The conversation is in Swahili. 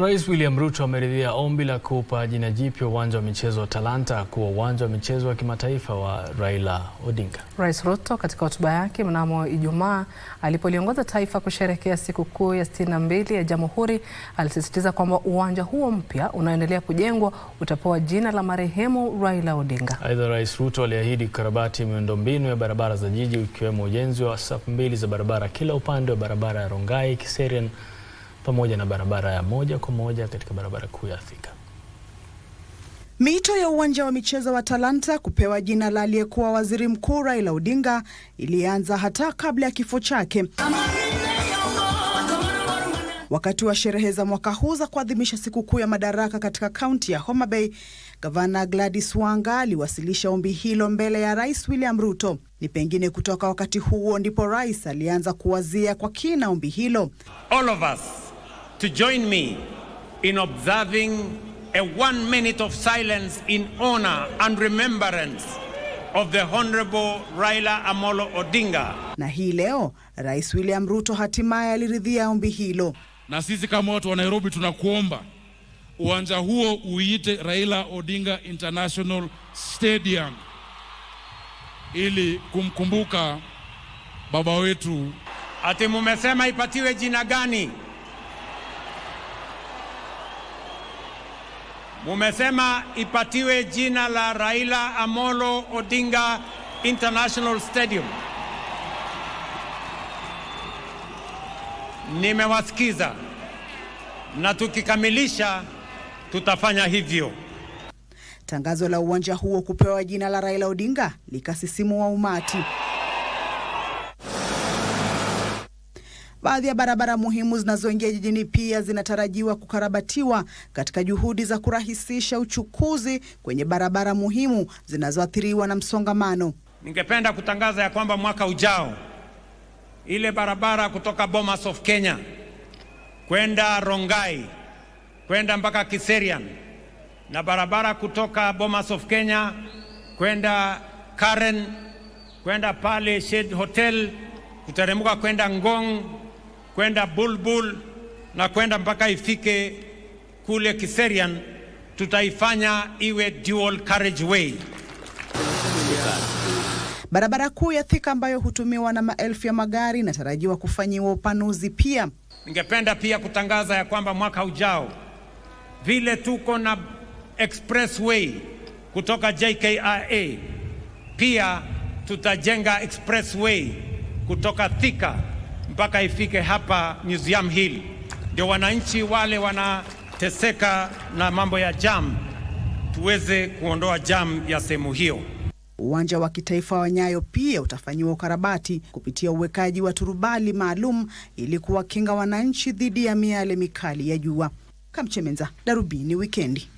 Rais William Ruto ameridhia ombi la kupa jina jipya uwanja wa michezo wa Talanta kuwa uwanja wa michezo wa kimataifa wa Raila Odinga. Rais Ruto katika hotuba yake mnamo Ijumaa alipoliongoza taifa kusherehekea sikukuu ya 62 ya Jamhuri alisisitiza kwamba uwanja huo mpya unaoendelea kujengwa utapewa jina la marehemu Raila Odinga. Aidha, Rais Ruto aliahidi kukarabati miundombinu ya barabara za jiji ikiwemo ujenzi wa safu mbili za barabara kila upande wa barabara ya Rongai Kiserian pamoja na barabara ya moja kwa moja katika barabara kuu ya Thika. Miito ya uwanja wa michezo wa Talanta kupewa jina la aliyekuwa waziri mkuu Raila Odinga ilianza hata kabla ya kifo chake. Wakati wa sherehe za mwaka huu za kuadhimisha sikukuu ya Madaraka katika kaunti ya Homa Bay, gavana Gladys Wanga aliwasilisha ombi hilo mbele ya Rais William Ruto. Ni pengine kutoka wakati huo ndipo rais alianza kuwazia kwa kina ombi hilo. All of us to join me in observing a one minute of silence in honor and remembrance of the Honorable Raila Amolo Odinga. Na hii leo Rais William Ruto hatimaye aliridhia ombi hilo. Na sisi kama watu wa Nairobi tunakuomba uwanja huo uite Raila Odinga International Stadium ili kumkumbuka baba wetu. Ati mumesema ipatiwe jina gani? Mumesema ipatiwe jina la Raila Amolo Odinga International Stadium. Nimewasikiza na tukikamilisha tutafanya hivyo. Tangazo la uwanja huo kupewa jina la Raila Odinga likasisimua umati. Baadhi ya barabara muhimu zinazoingia jijini pia zinatarajiwa kukarabatiwa katika juhudi za kurahisisha uchukuzi kwenye barabara muhimu zinazoathiriwa na msongamano. Ningependa kutangaza ya kwamba mwaka ujao ile barabara kutoka Bomas of Kenya kwenda Rongai kwenda mpaka Kiserian na barabara kutoka Bomas of Kenya kwenda Karen kwenda pale shed Hotel kuteremka kwenda Ngong kwenda Bulbul na kwenda mpaka ifike kule Kiserian, tutaifanya iwe dual way. Barabara kuu ya Thika ambayo hutumiwa na maelfu ya magari inatarajiwa kufanyiwa upanuzi pia. Ningependa pia kutangaza ya kwamba mwaka ujao vile tuko na expressway kutoka JKIA, pia tutajenga expressway kutoka Thika mpaka ifike hapa museum hili, ndio wananchi wale wanateseka na mambo ya jam, tuweze kuondoa jam ya sehemu hiyo. Uwanja wa kitaifa wa Nyayo pia utafanyiwa ukarabati kupitia uwekaji wa turubali maalum ili kuwakinga wananchi dhidi ya miale mikali ya jua. Kamchemenza, Darubini Wikendi.